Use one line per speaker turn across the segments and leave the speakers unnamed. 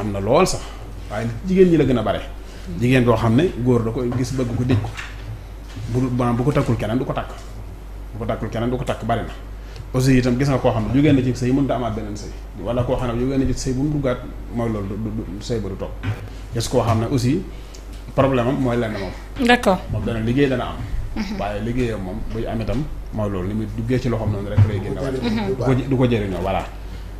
am na lool sax waaye jigéen ñi la gën a bare. jigéen boo xam ne góor da koy gis bëgg ko dëj ko bu maanaam bu ko takkul keneen du ko takk bu ko takkul keneen du ko takk bari na aussi itam gis nga koo xam ne jógee na ci sëy a amaat beneen sëy wala koo xam ne jógee na ci sëy bu mu duggaat mooy loolu du sëy ba du toog gis koo xam ne aussi problème am mooy lenn moom d'accord moom dana liggéey dana am waaye liggéeyam moom buy am itam mooy loolu ni muy duggee ci loxoom noonu rek lay génn waat mm-hmm. du ko jëriñoo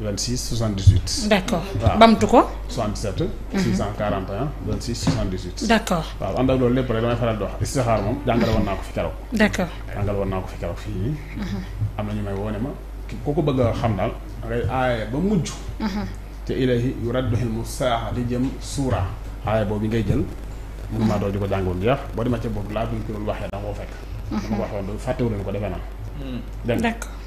26 78. d' accord bamtu ko. 77. 641 26 78. d' accord waaw ànd ak loolu lépp rek damay faral di wax istixaar moom jàngale woon naa ko fi keroog. ko fi keroog fii nii. Mhm. am na ñu may woone ma ku ko bëgg a xam daal ngay aaya ba mujj. Mhm. te ilahi yuraddu hilmu saaxa di jëm suura. aaya boobu ngay jël. mun maa doon di ko jàngoon jeex boo demee ca boobu laa ko da nga koo fekk. Mhm. dama ko waxoon fàttewuleen ko defe naa. d'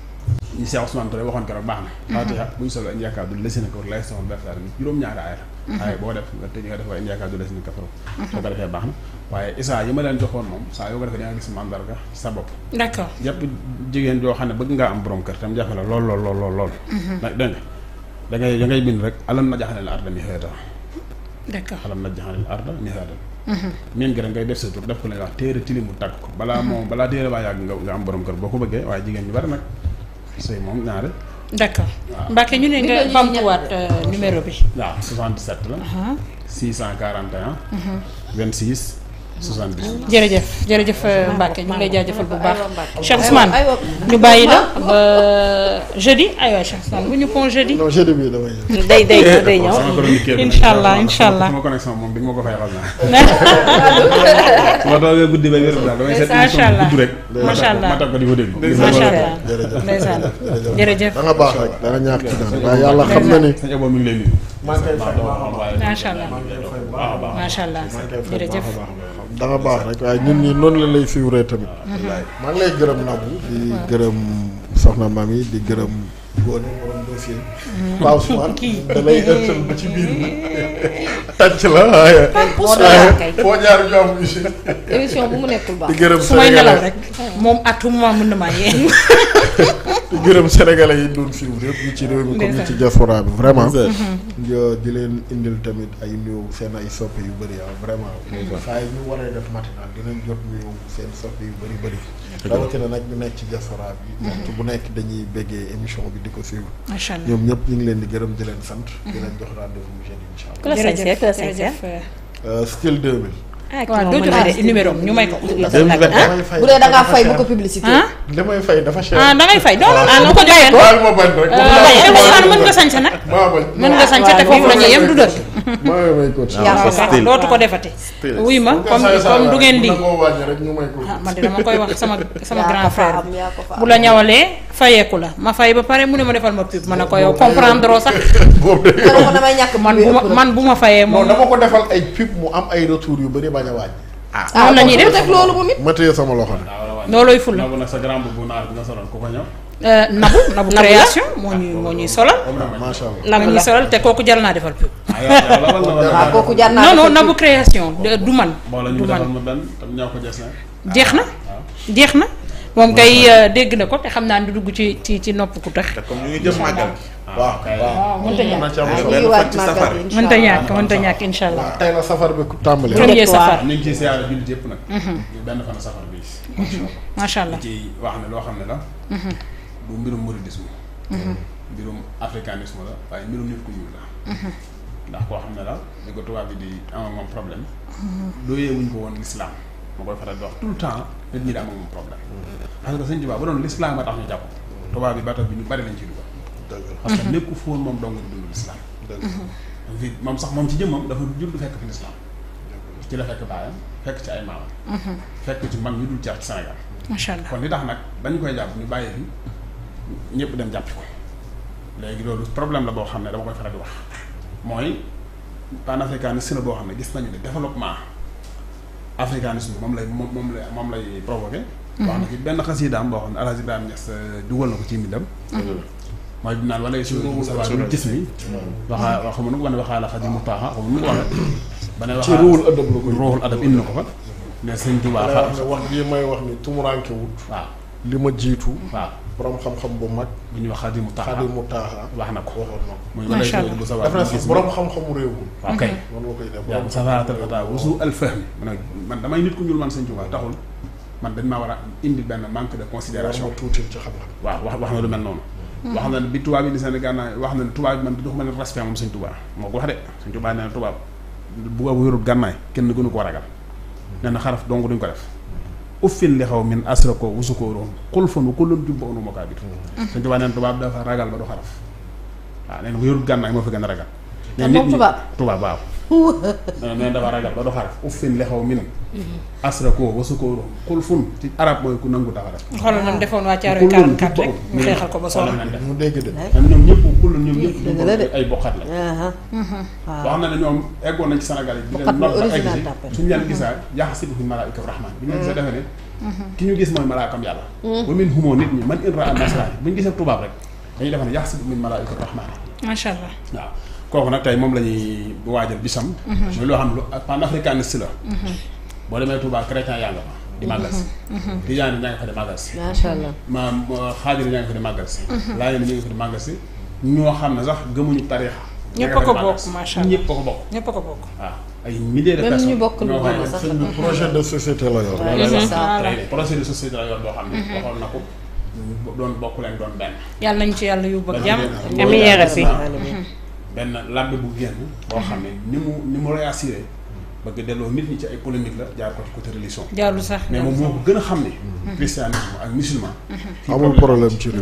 Mhm. Mhm. Mhm. soo ko defee baax na waaye isa yi ma leen joxoon moom saa yoo ko defee da nga gis mandarga sa bopp d'accord yëpp jigéen joo xam ne bëgg ngaa am borom kër la lool lool lool lool lool nag dégg nga da ngay da ngay bind rek alam na jaxanel arda mi xeeta d'accord alam na jaxanel arda mi xeeta miin gi ngay def sa tur def ko la ñuy wax téere tilimu tàgg ko balaa moom balaa téere baa yàgg nga am borom kër boo ko bëggee waaye jigéen bari nag sëy moom naa la. d'accord
Mbacke ñu ne nga bamtuwaat euh, numéro
bi. waaw 77 la. 641. Uh-huh. 26. 78
jërëjëf jërëjëf euh, Mbacke ñu ngi lay jaajëfal bu baax Cheikh Ousmane ñu bàyyi la ba euh, jeudi aywa Cheikh Ousmane bu ñu pon jeudi.
non jeudi bi damay ñëw. day day day eh, ñëw incha allah incha allah sama connexion moom bi ma ko fay xam naa.
toogee guddi ba wér daal damay seet émission bu gudd rek. macha allah ma toog ko di jërëjëf da baax rek da ñaax ci daan yàlla xam na ni.
sëñ Abo mi ngi lay nuyu.
jërëjëf da baax rek waaye ñun ñi noonu la lay suivre tamit. mag lay gërëm Nabou. di gërëm soxna Mami di gërëm. góone borom dossier mhm. Pa Ousmane da lay ëttal ci biir bi tàcc la waaye foo jaar ñu am émission bu mu nekkul baax di may nelaw rek moom at tout moment mën na maa yee gërëm sénégalais yi doon suivre yëpp ñu ci réew mi comme ñu ci diaspora bi vraiment di leen indil tamit ay nuyu seen ay soppe yu bëri ah vraiment saa yi ñu waree def matinal dinañ jot nuyu soppe yu bëri bëri rawatina nag ñu nekk ci diaspora bi mhm. waxtu nekk dañuy béggee émission bi di ko suivre macha allah ñoom ñëpp ñu ngi leen di gërëm di leen sant di mhm. leen jox rendez-vous jeudi incha allah style euh, 2000 ah kii numéro ñu may ko. bu dee ko publicité. damay fay dafa cher. ah dangay fay non non non ko joxee ko. waaw mën nga sañse nag. mën nga sañse te foofu la yem du dëkk. mooy may ko ci defate wuy ma comme comme du ngeen di man de dama koy wax sama sama grand frère bu la ñawalee fayeeku la ma fay ba pare mu ne ma defal ma pub ma ne ko yow comprendre sax man bu ma man bu ma fayee moom dama ko defal ay pub mu am ay retour yu bari bañ a wàññi
ah, ah noonu la ñuy def loolu bu nit ma téye sama loxo ne loolooy ful
Euh, Nabu Nabu création ah, moo ñuy moo ñuy solal. la allah moo solal te kooku jar naa defal pub. waaw ah, ah, kooku jar naa defal non non Nabu création du man. du man jeex na jeex na. moom kay euh, dégg na ko te xam naa ne dugg ci ci ci nopp ku tax. te comme ñu ngi jëm màggal.
waaw waaw mënta ñàkk mënta ñàkk
ñàkk incha tey la safar bi tàmbalee. premier safar
du mbirum mouridisme mhm. euh, mbirum africanisme la waaye mbirum nit ku ñuul la mhm. ndax koo xam ne la ni ko tubaab bi di amoon moom problème
mhm.
dooyee wuñ ko woon l'islam moo koy faral di wax tout le temps nit ñi di amoon moom problème parce que sëñ Tuubaa ba doon l'islam a tax ñu jàpp tubaab bi bato bi ñu bari lañ ci dugal parce que nekk fóon moom dong di dund l'islam vi moom sax moom ci jëmmam dafa jur du fekk fi l'islam ci la fekk baayam fekk ci ay maamam fekk ci mag ñu ñëpp dem jàppi ko léegi loolu problème la boo xam ne dama koy faral di wax mooy panafricanisme la boo xam ne gis nañu ne développement africanisme moom lay moom moom lay moom lay provoqué. Mhm. wax na ci benn xasiidaam boo xam ne Alaaji Ibrahima Ñas euh, dugal na ko ci mbindam. Mhm. mooy bi naan wala suñu suñu gis mi. waxaa waxu ma nu ko wane waxaa la xaj mu taaxa waxu ma nu ko waxee. ba ne waxaa ci ruuxul adab la ko ruuxul adab indi ko fa. ne sëñ Tuubaa wax ji may wax ni tumuraanke li ma jiitu. waaw borom xam-xam bu mag. bu ñu wax xaadimu taaxa xaadimu taaxa. wax na ko waxoon na ko. macha allah dafa nekk
xam-xamu réew mi. waaw kay noonu la koy def. waaw ça va
man damay nit ku ñuul man sëñ Tuubaa taxul man dañ maa war a indi benn manque de considération tuuti ci xam-xam. waaw wax wax na lu mel noonu. Hmm. wax na ne bi tubaab yi di Sénégal naa wax na ne tubaab yi man jox ma leen respect moom sëñ Tuubaa moo ko wax de sëñ Tuubaa nee na tubaab bu yorul gànnaay kenn gënu ko ragal hmm. nee na xaraf dong duñ ko def uffin li xaw min asrako usukóoroom xulfanu kullun jumbaonumakaa bit mm-hmm. sañ tubaab neen tubaab dafa ragal ba du xaraf waaw neen ko yorut gànnaay moo fi gën a ragal moom tubaab ba doxal uffin lexaw min asra koo wasu koo xul fun ci arab mooy ku nangu taxara
xoolal nam defoon waa caaroy 44 rek mu xeexal ko ba soxla mu
dégg de ñoom ñëpp kullu ñoom ñëpp ay bokkat la boo xam ne ne ñoom eggoon nañ ci Sénégal bi mhm. ñu gisee defe ne yàlla mhm. wa min humoo nit ñi man in raa nasraan bu ñu gisee tubaab rek dañuy defe ne yaxsibu min malaa'ikatu rahmaan
macha allah
kooku nag tey moom la ñuy waajal bisam. Mhm. mooy loo xam lu panafricaniste la. Mhm. boo demee Touba chrétien yaa nga fa di mhm. màggal si. tijaan yi ñaa ngi fa di màggal si. macha allah maam uh, xaadir ñaa ngi fa di màggal si. laayeen ñi ne a a ko bokk. ñëpp a ko bokk projet de société
la yor. projet de
boo xam ne. waxoon na ko doon bokk leen doon benn. yàlla nañ ci yàlla yóbbu ak jàmm. amiin yaa rabbi benn làmbe bu génn boo xam ne ni mu ni mu réassuré bëgg delloo nit ñi ci ay polémique la jaar ko ci côté religion. jaarul sax mais moom moo ko gën a xam ne. Mhm. christianisme ak musulman. Mhm. amul problème ci lu ëpp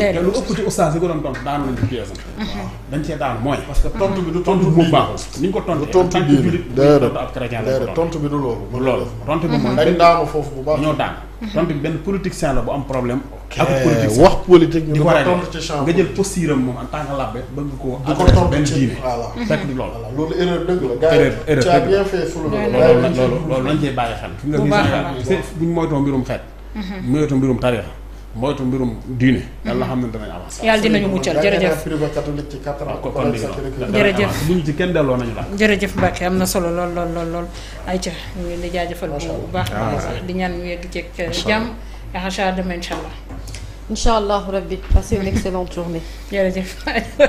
daanu lañ ci pièce mhm. dañ cee daan que tontu bi du tontu bu baaxul. ni ñu ko tontu bi du tontu bi du loolu. loolu tontu bi moom dañ daanu foofu bu baax ñoo daan tontu bi benn politicien la bu am problème ak eh, politique wax politique ñu ko tontu ci chambre nga jël postiram moom en tant que labbe bëgg ko du ko tontu benn diine voilà fekk du loolu loolu erreur dëgg la gars yi tu as bien fait fulu loolu loolu lañ cee bàyyi xel fi nga gis buñ moytoo mbirum xeet mhm. moytoo mbirum tarixa moytu mbirum diine mhm. yàlla xam ne danañ avancé yàlla dinañu muccal jërëjëf privé catholique ci quatre ah, ñu ci kenn delloo
nañu na solo lool lool ay ca ñu ngi leen di jaajëfal bu baax ah, di ñaan ñu yegg ci euh, jàmm et à demain inchallah incha allah rabbi passez une excellente journée. jërëjëf merci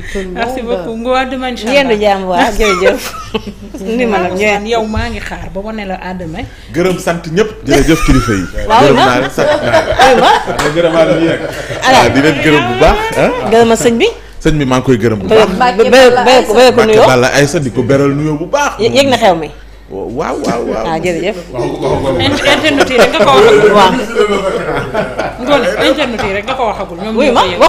tout le monde merci beaucoup jaam waa jërëjëf. ni ma yow maa ngi xaar ba ma ne la à demain.
gërëm sant ñëpp jërëjëf kilifa yi. waaw naa la gërëm bu baax. gërëma sëñ bi. sëñ bi maa ngi koy gërëm bu baax.
béy ko béy ko nuyoo Mbacke
Balla di ko beral nuyoo bu
baax. yëg na xew mi. waaw waaw waaw ah jërëjëf. internet yi rek nga ko waxagul waaw. Ngone internet yi rek nga ko waxagul ñoom